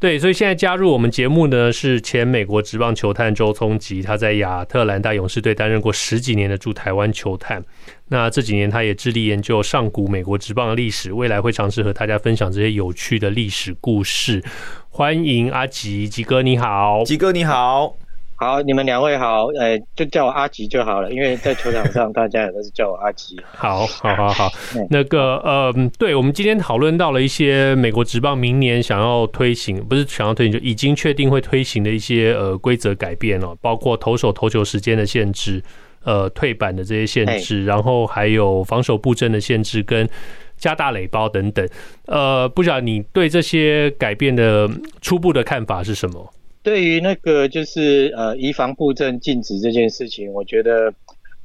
對，所以現在加入我們節目呢，是前美國職棒球探周聰吉，他在亞特蘭大勇士隊擔任過十幾年的駐台灣球探。那這幾年他也致力研究上古美國職棒的歷史，未來會嘗試和大家分享這些有趣的歷史故事。歡迎阿吉，吉哥你好。吉哥，你好。好，你們兩位好，呃，就叫我阿吉就好了，因為在球場上大家也都是叫我阿吉。 好，好，好，好，好，好，好，那個，呃，對，我們今天討論到了一些美國職棒明年想要推行，不是想要推行，就已經確定會推行的一些呃規則改變了，包括投手投球時間的限制，呃，退板的這些限制，嗯、然後還有防守佈陣的限制跟加大壘包等等。呃，不曉得你對這些改變的初步的看法是什麼？對於那個就是呃移防佈陣禁止這件事情，我覺得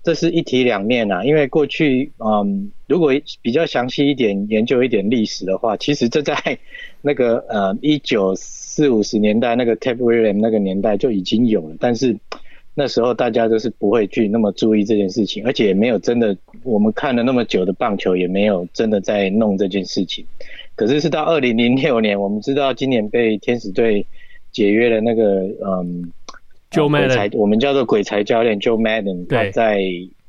這是一體兩面吶、啊。因為過去，嗯、呃，如果比較詳細一點研究一點歷史的話，其實這在那個呃一九四、五十年代那個 Ted Williams 那個年代就已經有了，但是那時候大家都是不會去那麼注意這件事情，而且也沒有真的我們看了那麼久的棒球也沒有真的在弄這件事情。可是是到二零零六年，我們知道今年被天使隊。解約了那個嗯，鬼才，我們叫做鬼才教練 Joe Madden，對他在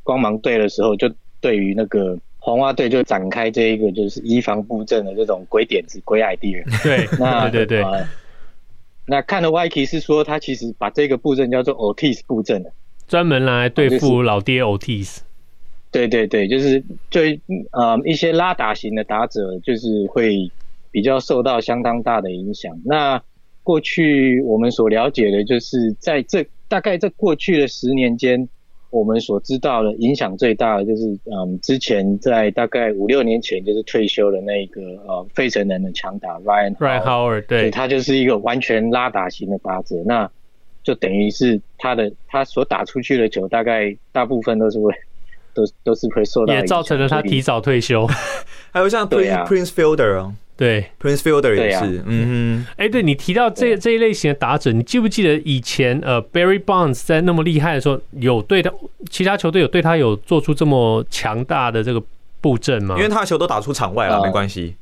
光芒隊的時候，就對於那個紅襪隊就展開這一個就是移防布陣的這種鬼點子鬼 idea 人。對， 那對對、對、啊、那看了 Wiki 是說他其實把這個布陣叫做 Otis 布陣的，專門來對付老爹 Otis。就是、對，對對對，就是對呃、嗯、一些拉打型的打者就是會比較受到相當大的影響。那過去我們所了解的，就是在這大概這過去的十年間，我們所知道的影響最大的，就是嗯，之前在大概五六年前就是退休的那一個呃，費城人的強打 Ryan Howard, Ryan Howard，對，他就是一個完全拉打型的打者，那就等於是他的他所打出去的球，大概大部分都是會都都是會受到影響，也造成了他提早退休。 還有像 p 對、啊、Prince Fielder、哦對，Prince Fielder 也是，啊、嗯哼，哎、欸，對，你提到這這一類型的打者，對你記不記得以前呃，Barry Bonds 在那麼厲害的時候，有對他其他球隊有對他有做出這麼強大的這個佈陣嗎？因為他的球都打出場外了，嗯、沒關係。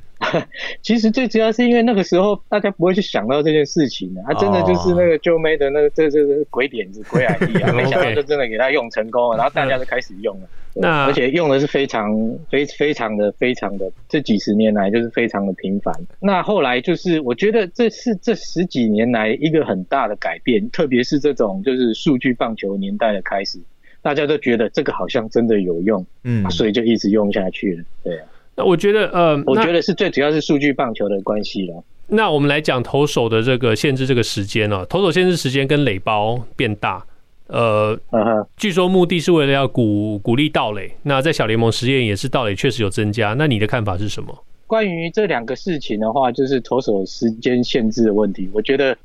其實最主要是因為那個時候大家不會去想到這件事情的，啊，他，oh. 啊，真的就是那個 Joe Maddon 那個這個這這鬼點子，oh. 鬼 idea 啊，沒想到就真的給他用成功了。 然後大家就開始用了，對。那而且用的是非常非非常的非常的，這幾十年來就是非常的頻繁。那後來就是我覺得這是這十幾年來一個很大的改變，特別是這種就是數據棒球年代的開始，大家都覺得這個好像真的有用，嗯，啊，所以就一直用下去了，對。啊。那我覺得，呃，我覺得是最主要是數據棒球的關係了。那我們來講投手的這個限制，這個時間哦、啊，投手限制時間跟壘包變大，呃，呵呵，據說目的是為了要鼓鼓勵盜壘，那在小聯盟實驗也是盜壘確實有增加。那你的看法是什麼？關於這兩個事情的話，就是投手時間限制的問題，我覺得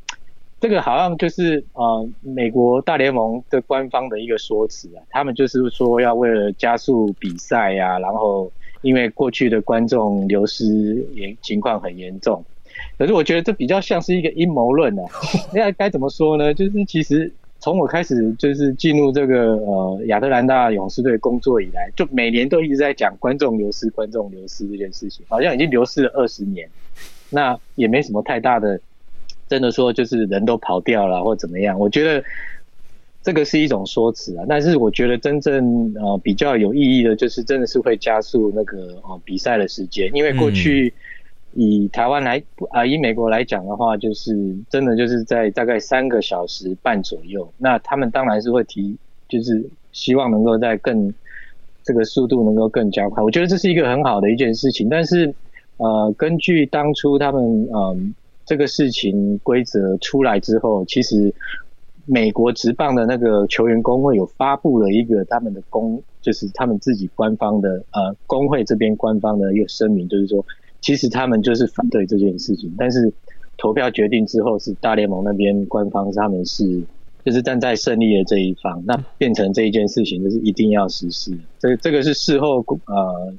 這個好像就是，呃，美國大聯盟的官方的一個說辭啊，他們就是說要為了加速比賽呀、啊，然後。因為過去的觀眾流失也情況很嚴重，可是我覺得這比較像是一個陰謀論呢、啊。哎 該怎麼說呢？就是其實從我開始就是進入這個呃亞特蘭大勇士隊工作以來，就每年都一直在講觀眾流失、觀眾流失這件事情，好像已經流失了二十年。那也沒什麼太大的，真的說就是人都跑掉了或怎麼樣，我覺得。這個是一種說辭啊，但是我覺得真正呃比較有意義的，就是真的是會加速那個呃比賽的時間，因為過去以台灣來啊、呃，以美國來講的話，就是真的就是在大概三個小時半左右。那他們當然是會提，就是希望能夠在更這個速度能夠更加快。我覺得這是一個很好的一件事情，但是呃，根據當初他們嗯、呃、這個事情規則出來之後，其實。美國職棒的那個球員工會有發布了一個他們的公，就是他們自己官方的呃工會這邊官方的一個聲明，就是說其實他們就是反對這件事情，但是投票決定之後是大聯盟那邊官方，他們是就是站在勝利的這一方，那變成這一件事情就是一定要實施。這這個是事後呃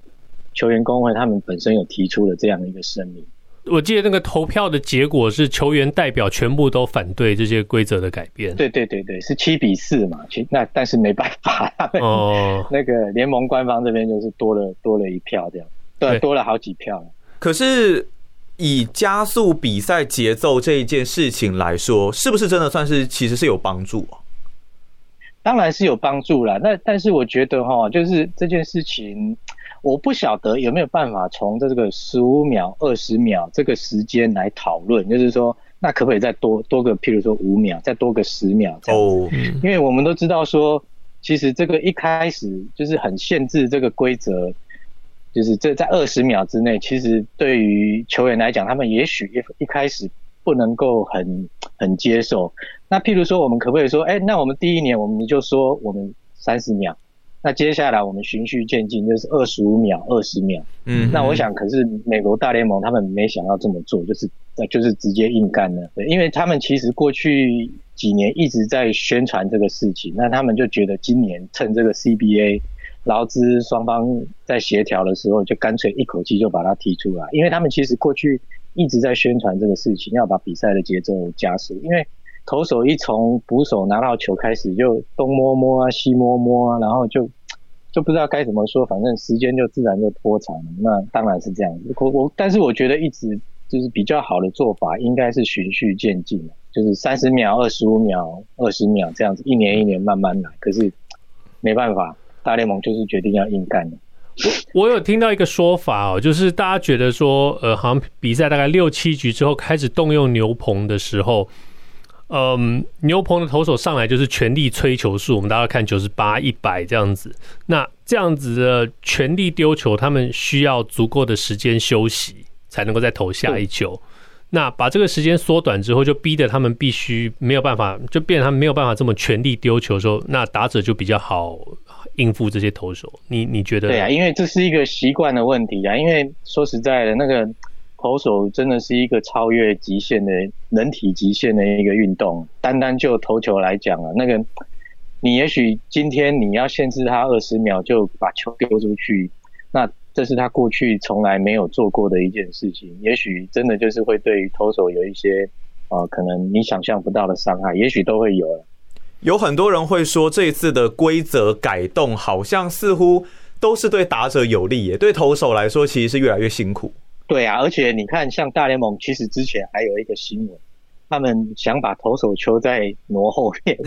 球員工會他們本身有提出的這樣一個聲明。我記得那個投票的結果是球員代表全部都反對這些規則的改變。對對對對，是七比四嘛？其實那但是沒辦法，哦，那個聯盟官方這邊就是多了多了一票這樣，對，對多了好幾票。可是以加速比賽節奏這一件事情來說，是不是真的算是其實是有幫助啊？當然是有幫助啦。那但是我覺得哈，就是這件事情。我不曉得有沒有辦法從這個十五秒、二十秒這個時間來討論，就是說，那可不可以再多多個？譬如說五秒，再多個十秒這樣子？Oh. 因為我們都知道說，其實這個一開始就是很限制這個規則，就是這在二十秒之內，其實對於球員來講，他們也許一一開始不能夠很很接受。那譬如說，我們可不可以說，哎、欸，那我們第一年我們就說我們三十秒？那接下來我們循序漸進，就是二十五秒、二十秒。嗯，那我想，可是美國大聯盟他們沒想要這麼做，就是那就是直接硬幹了。對，因為他們其實過去幾年一直在宣傳這個事情，那他們就覺得今年趁這個 CBA 勞資雙方在協調的時候，就乾脆一口氣就把它提出來，因為他們其實過去一直在宣傳這個事情，要把比賽的節奏加速，因為。投手一從捕手拿到球開始，就東摸摸啊，西摸摸啊，然後就就不知道該怎麼說，反正時間就自然就拖長了。那當然是這樣子。我我，但是我覺得一直就是比較好的做法，應該是循序漸進，就是三十秒、二十五秒、二十秒這樣子，一年一年慢慢來。可是沒辦法，大聯盟就是決定要硬幹了。 我我有聽到一個說法喔，就是大家覺得說，呃，好像比賽大概六七局之後開始動用牛棚的時候。嗯，牛棚的投手上來就是全力催球數，我們大概看九十八、一百這樣子。那這樣子的全力丟球，他們需要足夠的時間休息，才能夠再投下一球。對那把這個時間縮短之後，就逼得他們必須沒有辦法，就變他們沒有辦法這麼全力丟球的時候，那打者就比較好應付這些投手。你你覺得？對啊，因為這是一個習慣的問題啊。因為說實在的，那個。投手真的是一個超越極限的人體極限的一個運動。單單就投球來講啊，那個你也許今天你要限制他二十秒就把球丟出去，那這是他過去從來沒有做過的一件事情。也許真的就是會對於投手有一些啊、呃，可能你想象不到的傷害，也許都會有了。有很多人會說，這一次的規則改動好像似乎都是對打者有利耶，也對投手來說其實是越來越辛苦。對啊，而且你看，像大聯盟，其實之前還有一個新聞，他們想把投手丘再挪後面，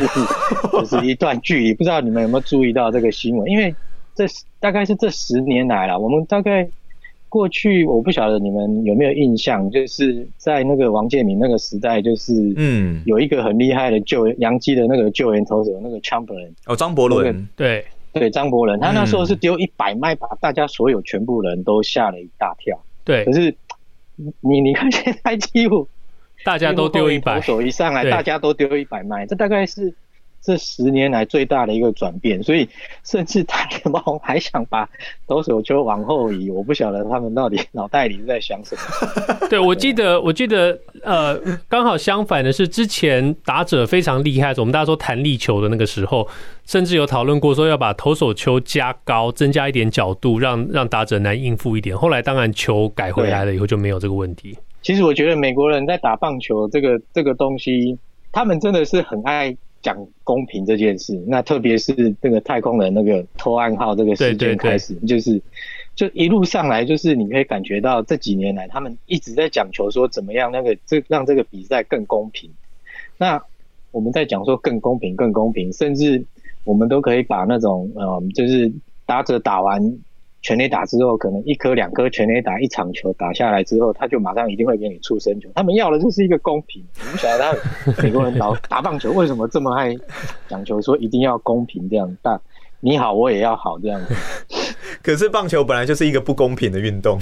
就是一段距離。 不知道你們有沒有注意到這個新聞？因為這大概是這十年來啦，我們大概過去，我不曉得你們有沒有印象，就是在那個王建民那個時代，就是嗯，有一個很厲害的救援洋基的那個救援投手，那個張伯倫哦，張伯倫，那個、對對，張伯倫，他那時候是丟一百邁，把大家所有全部人都嚇了一大跳。對，可是你你看現在幾乎大家都丟一百，投手一上來對大家都丟一百邁，這大概是。這十年來最大的一個轉變，所以甚至大聯盟還想把投手丘往後移，我不曉得他們到底腦袋裡在想什麼？ 對，我記得，我記得，呃，剛好相反的是，之前打者非常厲害，我們大家說彈力球的那個時候，甚至有討論過說要把投手丘加高，增加一點角度，讓讓打者難應付一點。後來當然球改回來了以後就沒有這個問題。其實我覺得美國人在打棒球這個這個東西，他們真的是很愛。講公平這件事，那特別是那個太空人那個偷暗號這個事件開始，對對對，就是就一路上來，就是你可以感覺到這幾年來，他們一直在講求說怎麼樣那個這讓這個比賽更公平。那我們在講說更公平、更公平，甚至我們都可以把那種嗯，就是打者打完。全壘打之後，可能一顆兩顆全壘打一場球打下來之後，他就馬上一定會給你出觸身球。他們要的就是一個公平。你不曉得他美國人打打棒球為什麼這麼愛講求說一定要公平這樣，但你好我也要好這樣。可是棒球本來就是一個不公平的運動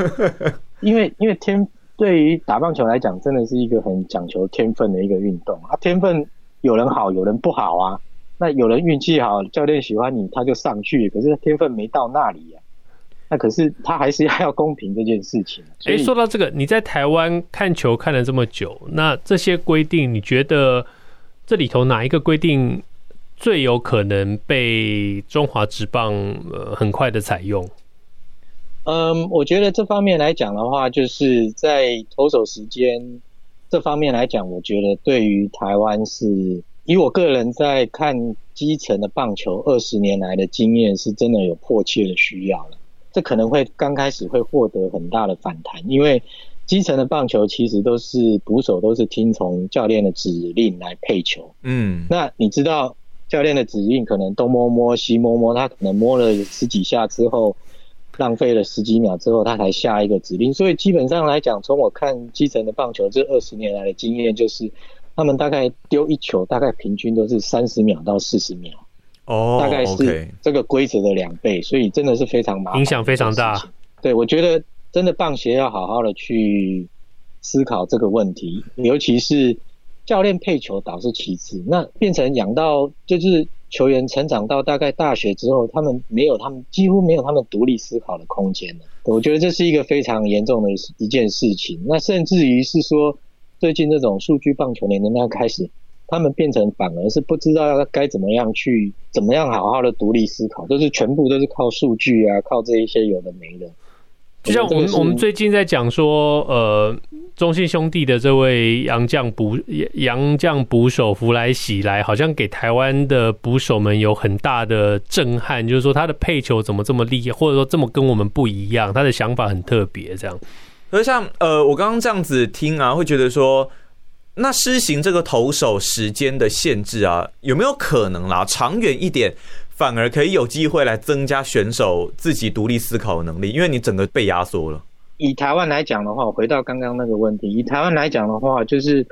因，因為因為天對於打棒球來講，真的是一個很講求天分的一個運動。啊，天分有人好有人不好啊。那有人運氣好，教練喜歡你，他就上去。可是天分沒到那裡啊。那、啊、可是他還是要公平這件事情。誒、欸，說到這個，你在台灣看球看了這麼久，那這些規定，你覺得這裡頭哪一個規定最有可能被中華職棒、呃、很快的採用？嗯，我覺得這方面來講的話，就是在投手時間這方面來講，我覺得對於台灣是以我個人在看基層的棒球二十年來的經驗，是真的有迫切的需要了。這可能會剛開始會獲得很大的反彈，因為基層的棒球其實都是捕手都是聽從教練的指令來配球。嗯，那你知道教練的指令可能東摸摸西摸摸，他可能摸了十幾下之後，浪費了十幾秒之後，他才下一個指令。所以基本上來講，從我看基層的棒球這二十年來的經驗，就是他們大概丟一球，大概平均都是三十秒到四十秒。哦，oh, okay. 大概是這個規則的兩倍，所以真的是非常麻煩，影響非常大。對，我覺得真的棒協要好好的去思考這個問題，尤其是教練配球倒是其次，那變成養到就是球員成長到大概大學之後，他們沒有他們幾乎沒有他們獨立思考的空間了。我覺得這是一個非常嚴重的一一件事情。那甚至於是說最近這種數據棒球聯盟那開始。他們變成反而是不知道要該怎麼樣去怎麼樣好好的獨立思考，就是全部都是靠數據啊，靠這一些有的沒的。就像我們我們最近在講說，呃，中信兄弟的這位洋將捕洋將捕手福來喜來，好像給台灣的捕手們有很大的震撼，就是說他的配球怎麼這麼厲害，或者說這麼跟我們不一樣，他的想法很特別這樣。所以像呃，我剛剛這樣子聽啊，會覺得說。那施行這個投手時間的限制啊，有沒有可能啦？長遠一點，反而可以有機會來增加選手自己獨立思考的能力，因為你整個被壓縮了。以台灣來講的話，回到剛剛那個問題，以台灣來講的話，就是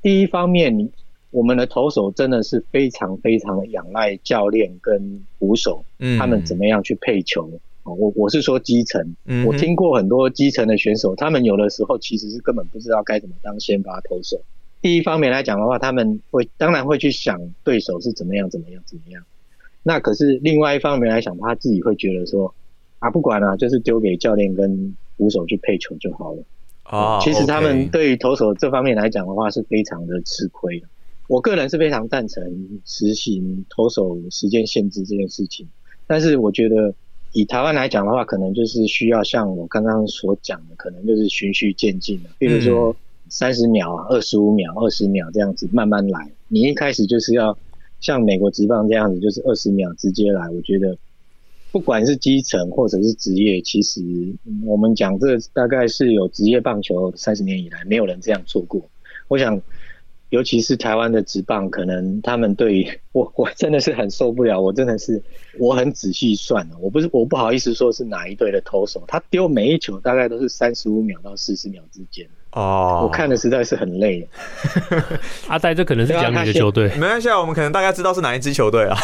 第一方面，我們的投手真的是非常非常仰賴教練跟捕手，嗯、他們怎麼樣去配球，我，我是說基層，嗯、哼我聽過很多基層的選手，他們有的時候其實是根本不知道該怎麼當先發投手。第一方面來講的話，他們會當然會去想對手是怎麼樣、怎麼樣、怎麼樣。那可是另外一方面來講，他自己會覺得說，啊，不管了、啊，就是丟給教練跟捕手去配球就好了。啊，其實他們對於投手這方面來講的話，是非常的吃虧的。啊，okay，我個人是非常贊成實行投手時間限制這件事情，但是我覺得以台灣來講的話，可能就是需要像我剛剛所講的，可能就是循序漸進的，比如說，嗯三十秒啊，二十五秒、二十秒這樣子慢慢來。你一開始就是要像美國職棒這樣子，就是二十秒直接來。我覺得不管是基層或者是職業，其實我們講這大概是有職業棒球三十年以來沒有人這樣做過。我想，尤其是台灣的職棒，可能他們對於我，我真的是很受不了。我真的是，我很仔細算了，我不是，我不好意思說是哪一隊的投手，他丟每一球大概都是三十五秒到四十秒之間。哦，我看的實在是很累。阿呆，這可能是講 你的球隊，沒關係，我們可能大家知道是哪一支球隊啊。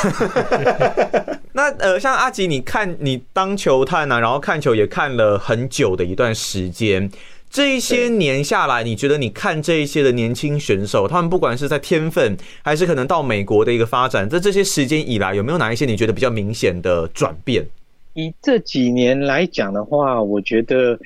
那呃，像阿吉，你看你當球探呢、啊，然後看球也看了很久的一段時間。這一些年下來，你覺得你看這一些的年輕選手，他們不管是在天分，還是可能到美國的一個發展，在這些時間以來，有沒有哪一些你覺得比較明顯的轉變？以這幾年來講的話，我覺得，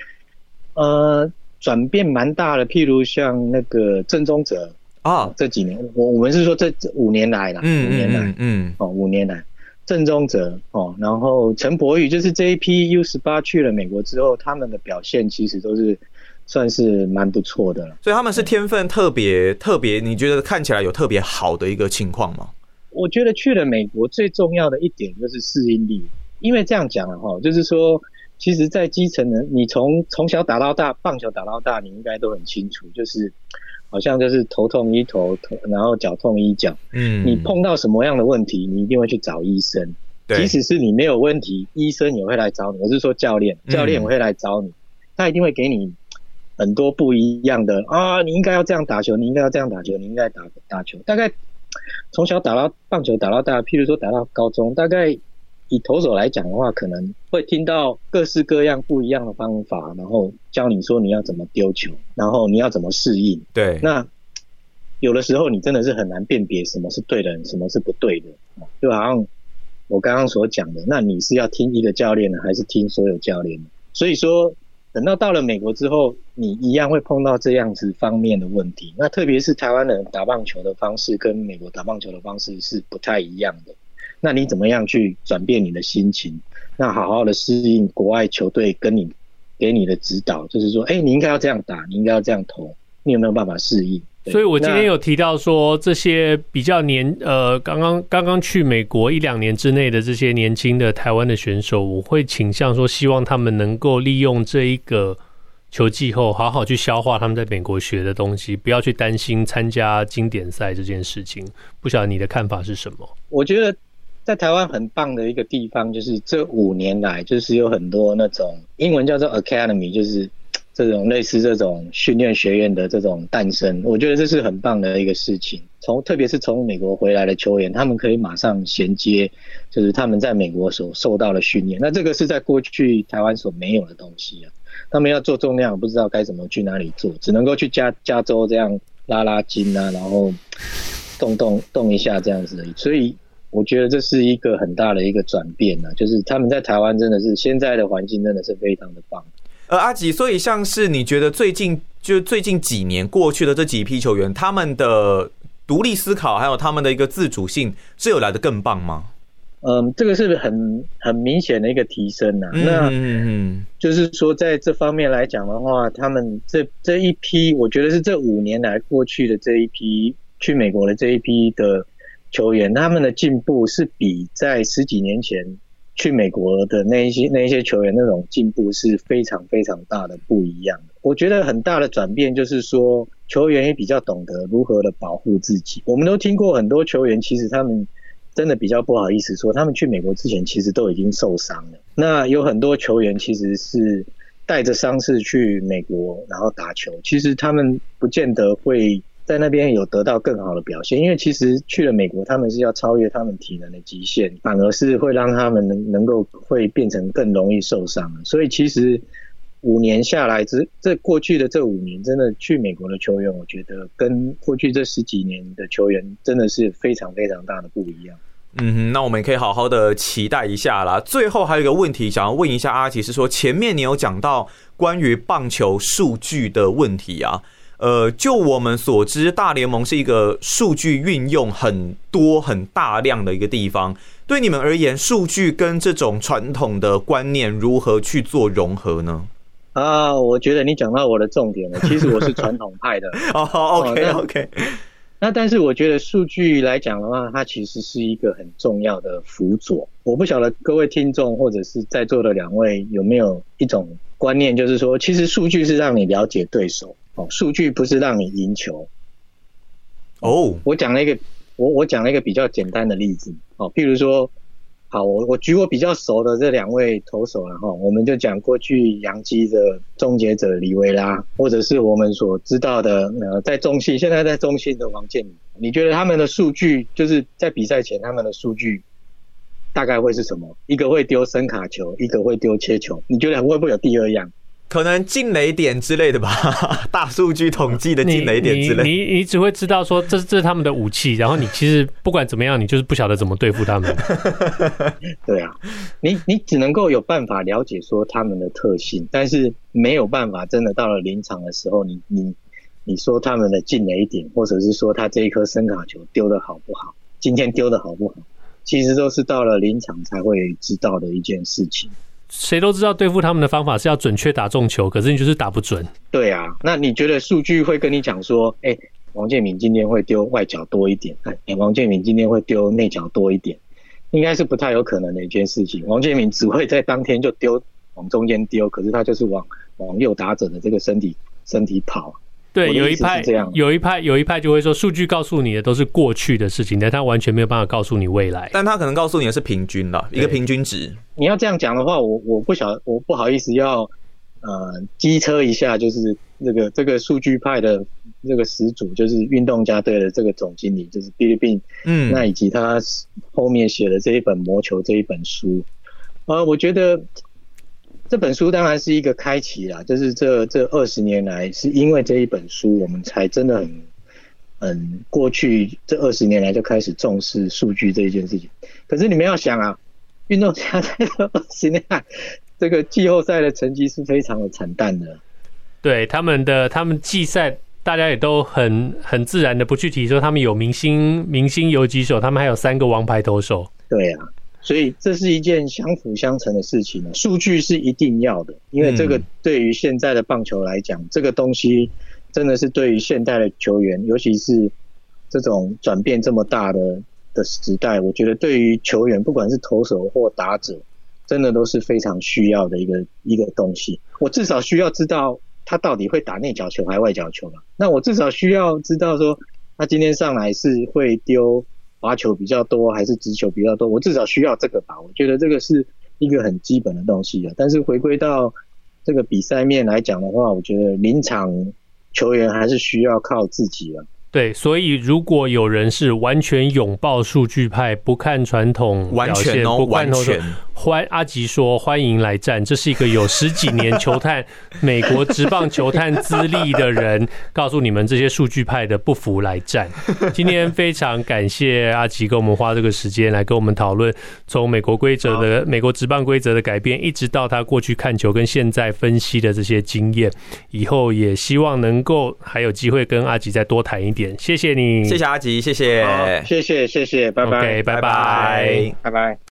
呃。轉變蠻大的，譬如像那個鄭宗哲啊，哦、這幾年我，我們是說這五年來啦，嗯、五年來，嗯，嗯，哦，五年來，鄭宗哲哦，然後陳柏宇就是這一批 U 十八去了美國之後，他們的表現其實都是算是蠻不錯的。所以他們是天分特別、嗯、特別，你覺得看起來有特別好的一個情況嗎？我覺得去了美國最重要的一點就是適應力，因為這樣講的話，就是說。其實，在基層呢，你從從小打到大，棒球打到大，你應該都很清楚，就是好像就是頭痛醫頭，頭，然後腳痛醫腳。嗯，你碰到什麼樣的問題，你一定會去找醫生。對即使是你沒有問題，醫生也會來找你。我是說教練，教練也會來找你，嗯、他一定會給你很多不一樣的啊，你應該要這樣打球，你應該要這樣打球，你應該打打球。大概從小打到棒球打到大，譬如說打到高中，大概。以投手來講的話，可能會聽到各式各樣不一樣的方法，然後教你說你要怎麼丟球，然後你要怎麼適應。對，那有的時候你真的是很難辨別什麼是對的，什麼是不對的。就好像我剛剛所講的，那你是要聽一個教練呢，還是聽所有教練的？所以說，等到到了美國之後，你一樣會碰到這樣子方面的問題。那特別是台灣人打棒球的方式跟美國打棒球的方式是不太一樣的。那你怎麼樣去轉變你的心情？那好好的適應國外球隊跟你給你的指導，就是說，誒、欸，你應該要這樣打，你應該要這樣投，你有沒有辦法適應？所以我今天有提到說，這些比較年那呃，剛剛剛剛去美國一兩年之內的這些年輕的台灣的選手，我會傾向說，希望他們能夠利用這一個球季後，好好去消化他們在美國學的東西，不要去擔心參加經典賽這件事情。不曉得你的看法是什麼？我覺得。在台灣很棒的一個地方，就是這五年來，就是有很多那種英文叫做 academy，就是這種類似這種訓練學院的這種誕生。我覺得這是很棒的一個事情。從特別是從美國回來的球員，他們可以馬上銜接，就是他們在美國所受到的訓練。那這個是在過去台灣所沒有的東西啊。他們要做重量，不知道該怎麼去哪裡做，只能夠去加加州這樣拉拉筋啊，然後動動動一下這樣子。所以。我覺得這是一個很大的一個轉變呢、啊，就是他們在台灣真的是現在的環境真的是非常的棒。呃，阿吉，所以像是你覺得最近就最近幾年過去的這幾批球員，他們的獨立思考還有他們的一個自主性，是有來得更棒嗎？嗯，這個是很很明顯的一個提升吶、啊。那嗯嗯，就是說在這方面來講的話，他們這這一批，我覺得是這五年來過去的這一批去美國的這一批的。球員他們的進步是比在十幾年前去美國的那一些、那一些球員，那種進步是非常非常大的不一樣的。我覺得很大的轉變就是說，球員也比較懂得如何的保護自己。我們都聽過很多球員，其實他們真的比較不好意思說，他們去美國之前其實都已經受傷了。那有很多球員其實是帶着傷勢去美國然後打球，其實他們不見得會。在那邊有得到更好的表現，因為其實去了美國，他們是要超越他們體能的極限，反而是會讓他們能能夠會變成更容易受傷。所以其實五年下來，這這過去的這五年，真的去美國的球員，我覺得跟過去這十幾年的球員真的是非常非常大的不一樣。嗯哼，那我們可以好好的期待一下啦。最後還有一個問題想要問一下阿奇，是說前面你有講到關於棒球數據的問題啊。呃，就我們所知，大聯盟是一個數據運用很多、很大量的一個地方。對你們而言，數據跟這種傳統的觀念如何去做融合呢？啊、呃，我覺得你講到我的重點了。其實我是傳統派的。 哦，OK，OK okay, okay、呃。那但是我覺得數據來講的話，它其實是一個很重要的輔佐。我不曉得各位聽眾或者是在座的兩位有沒有一種觀念，就是說，其實數據是讓你了解對手。哦，數據不是讓你贏球哦。Oh. 我講了一個我我講了一個比較簡單的例子哦，譬如說，好，我我舉我比較熟的這兩位投手然、啊、哈、哦，我們就講過去洋基的終結者李維拉，或者是我們所知道的呃在中信、現在在中信的王建民，你覺得他們的數據就是在比賽前他們的數據大概會是什麼？一個會丟伸卡球，一個會丟切球，你覺得會不會有第二樣？可能進壘點之類的吧，大數據統計的進壘點之類的你，你你，你只會知道說，這是這是他們的武器，然後你其實不管怎麼樣， 你就是不曉得怎麼對付他們。 對啊，你你只能夠有辦法了解說他們的特性，但是沒有辦法真的到了臨場的時候，你你你說他們的進壘點，或者是說他這一顆伸卡球丟得好不好，今天丟得好不好，其實都是到了臨場才會知道的一件事情。誰都知道對付他們的方法是要準確打中球，可是你就是打不準。對啊，那你覺得數據會跟你講說，哎、欸，王建民今天會丟外角多一點，哎、欸，王建民今天會丟內角多一點，應該是不太有可能的一件事情。王建民只會在當天就丟，往中間丟，可是他就是往往右打者的這個身體身體跑。對，這樣有一派，有一派，有一派就會說，數據告訴你的都是過去的事情，但他完全沒有辦法告訴你未來。但他可能告訴你的是平均了對一個平均值。你要這樣講的話，我我不曉，我不好意思要呃機車一下，就是那、這個這個數據派的這個始祖，就是運動家隊的這個總經理，就是比利比恩，嗯，那以及他後面寫的這一本《魔球》這一本書，呃、我覺得。這本書當然是一個開啟啦，就是這這二十年來，是因為這一本書，我們才真的很嗯，很過去這二十年來就開始重視數據這一件事情。可是你們要想啊，運動家在這二十年來這個季後賽的成績是非常的慘淡的。對他們的他們季賽，大家也都很很自然的不去提說他們有明星明星游擊手，他們還有三個王牌投手。對啊。所以這是一件相輔相成的事情，數據是一定要的，因為這個對於現在的棒球來講，嗯、這個東西真的是對於現代的球員，尤其是這種轉變這麼大的的時代，我覺得對於球員，不管是投手或打者，真的都是非常需要的一個一個東西。我至少需要知道他到底會打內角球還是外角球嘛？那我至少需要知道說他今天上來是會丟。罰球比較多還是直球比較多？我至少需要這個吧。我覺得這個是一個很基本的東西啊。但是回歸到這個比賽面來講的話，我覺得臨場球員還是需要靠自己了。對，所以如果有人是完全擁抱數據派，不看傳統表現完全，哦、不看頭歡阿吉說：“歡迎來戰，這是一個有十幾年球探、美國職棒球探資歷的人，告訴你們這些數據派的不服來戰。今天非常感謝阿吉跟我們花這個時間來跟我們討論，從美國規則的美國職棒規則的改變，一直到他過去看球跟現在分析的這些經驗。以後也希望能夠還有機會跟阿吉再多談一點。謝謝你，謝謝阿吉，謝謝，謝謝，謝謝，拜拜，OK、拜拜，拜拜。”